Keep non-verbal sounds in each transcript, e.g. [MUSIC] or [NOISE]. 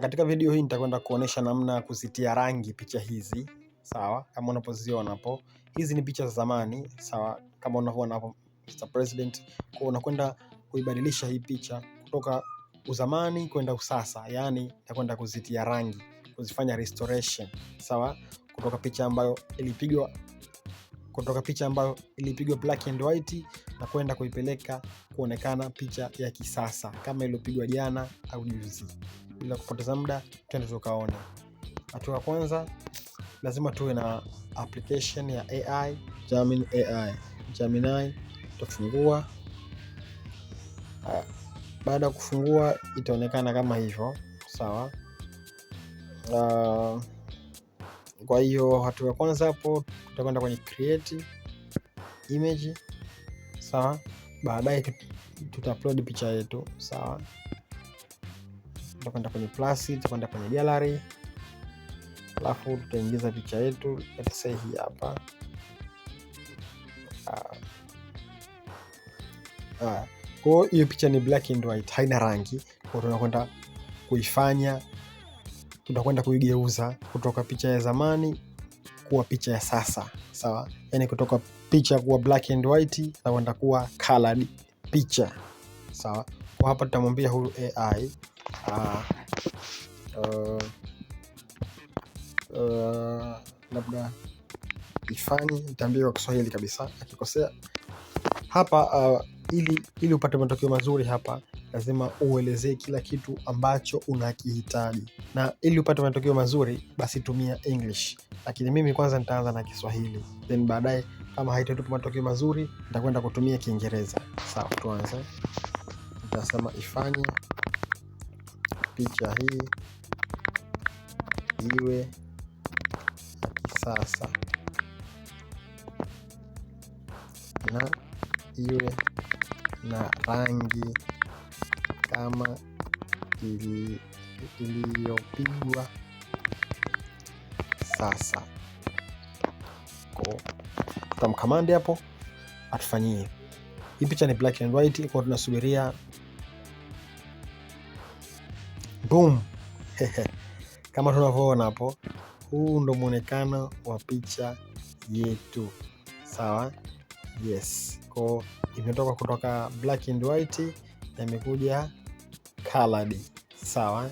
Katika video hii nitakwenda kuonesha namna ya kuzitia rangi picha hizi, sawa, kama unapoziona hapo. Hizi ni picha za zamani, sawa, kama unavyoona hapo Mr. President. Kwa unakwenda kuibadilisha hii picha kutoka uzamani kwenda usasa, yani nitakwenda kuzitia rangi, kuzifanya restoration, sawa, kutoka picha ambayo ilipigwa kutoka picha ambayo ilipigwa black and white na kwenda kuipeleka kuonekana picha ya kisasa kama iliyopigwa jana au juzi bila kupoteza muda, twende tukaona. Hatua ya kwanza, lazima tuwe na application ya AI, Gemini AI, Gemini tutafungua. Baada ya kufungua, itaonekana kama hivyo, sawa. kwa hiyo hatua ya kwanza hapo tutakwenda kwenye create image, sawa. Baadaye tuta upload picha yetu, sawa tutakwenda kwenye plus, tutakwenda kwenye gallery, alafu tutaingiza picha yetu, let's say hii hapa ah. ah. kwao. Uh, hiyo picha ni black and white, haina rangi, kwa tunakwenda kuifanya, tunakwenda kuigeuza kutoka picha ya zamani kuwa picha ya sasa, sawa? Yani kutoka picha kuwa black and white na kwenda kuwa colored picha, sawa? Kwa hapa tutamwambia huyu AI Ah, uh, uh, labda ifanyi itaambia kwa Kiswahili kabisa akikosea hapa uh, ili, ili upate matokeo mazuri hapa lazima uelezee kila kitu ambacho unakihitaji, na ili upate matokeo mazuri, basi tumia English. Lakini mimi kwanza nitaanza na Kiswahili, then baadaye kama haitatupa matokeo mazuri nitakwenda kutumia Kiingereza. Sawa, tuanze. Nitasema ifanye picha hii iwe ya kisasa na iwe na rangi kama iliyopigwa sasa. Tutamkamandi hapo atufanyie hii picha. Ni black and white, iko tunasubiria Boom. [LAUGHS] Kama tunavyoona hapo, huu ndo mwonekano wa picha yetu, sawa? Yes, ko imetoka kutoka black and white na imekuja colored, sawa,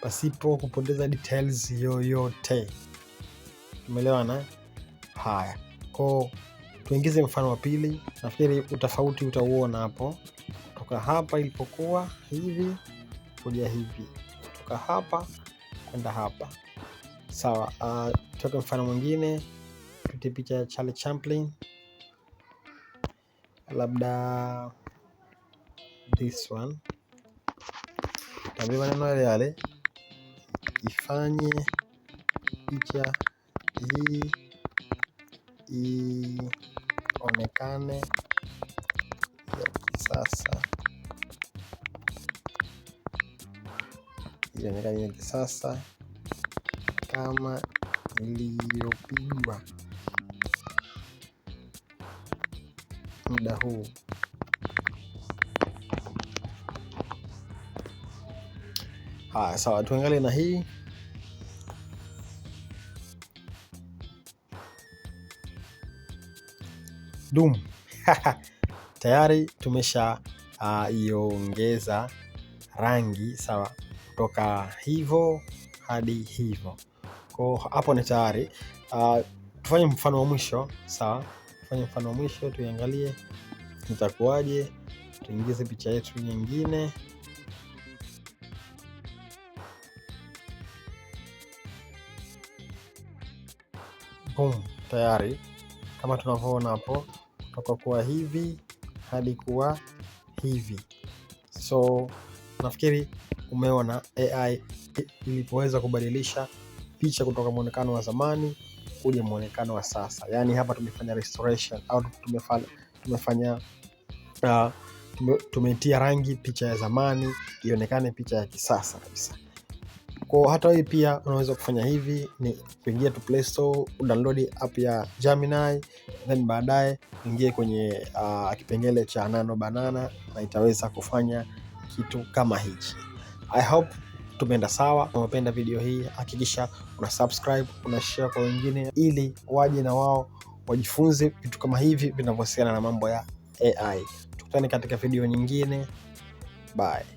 pasipo kupoteza details yoyote. Umeelewana? Haya, ko tuingize mfano wa pili. Nafikiri utofauti utauona hapo, kutoka hapa ilipokuwa hivi kuja hivi kutoka hapa kwenda hapa. Sawa, uh, ah, tuweke mfano mwingine, tupite picha ya Charlie Chaplin, labda this one, tambia maneno yale yale, ifanye picha hii ionekane ya kisasa. miaka mingi sasa kama iliyopigwa muda huu. Haya, sawa, tuangalie na hii dum [LAUGHS] tayari tumesha uh, iongeza rangi sawa kutoka hivyo hadi hivyo. ko hapo ni tayari. Uh, tufanye mfano wa mwisho sawa, tufanye mfano wa mwisho tuiangalie itakuwaje. Tuingize picha yetu nyingine Boom, tayari kama tunavyoona hapo, kutoka kuwa hivi hadi kuwa hivi so Nafikiri umeona AI ilipoweza kubadilisha picha kutoka mwonekano wa zamani kuja mwonekano wa sasa. Yaani hapa tumefanya restoration au tumefanya, tumefanya uh, tumetia rangi picha ya zamani ionekane picha ya kisasa kabisa. Kwa hata wewe pia unaweza kufanya hivi, ni kuingia tu Play Store, udownload app ya Gemini, then baadaye ingie kwenye uh, kipengele cha Nano Banana na itaweza kufanya kitu kama hichi. I hope tumeenda sawa. Umependa video hii, hakikisha una subscribe, una share kwa wengine, ili waje na wao wajifunze vitu kama hivi vinavyohusiana na mambo ya AI. Tukutane katika video nyingine, bye.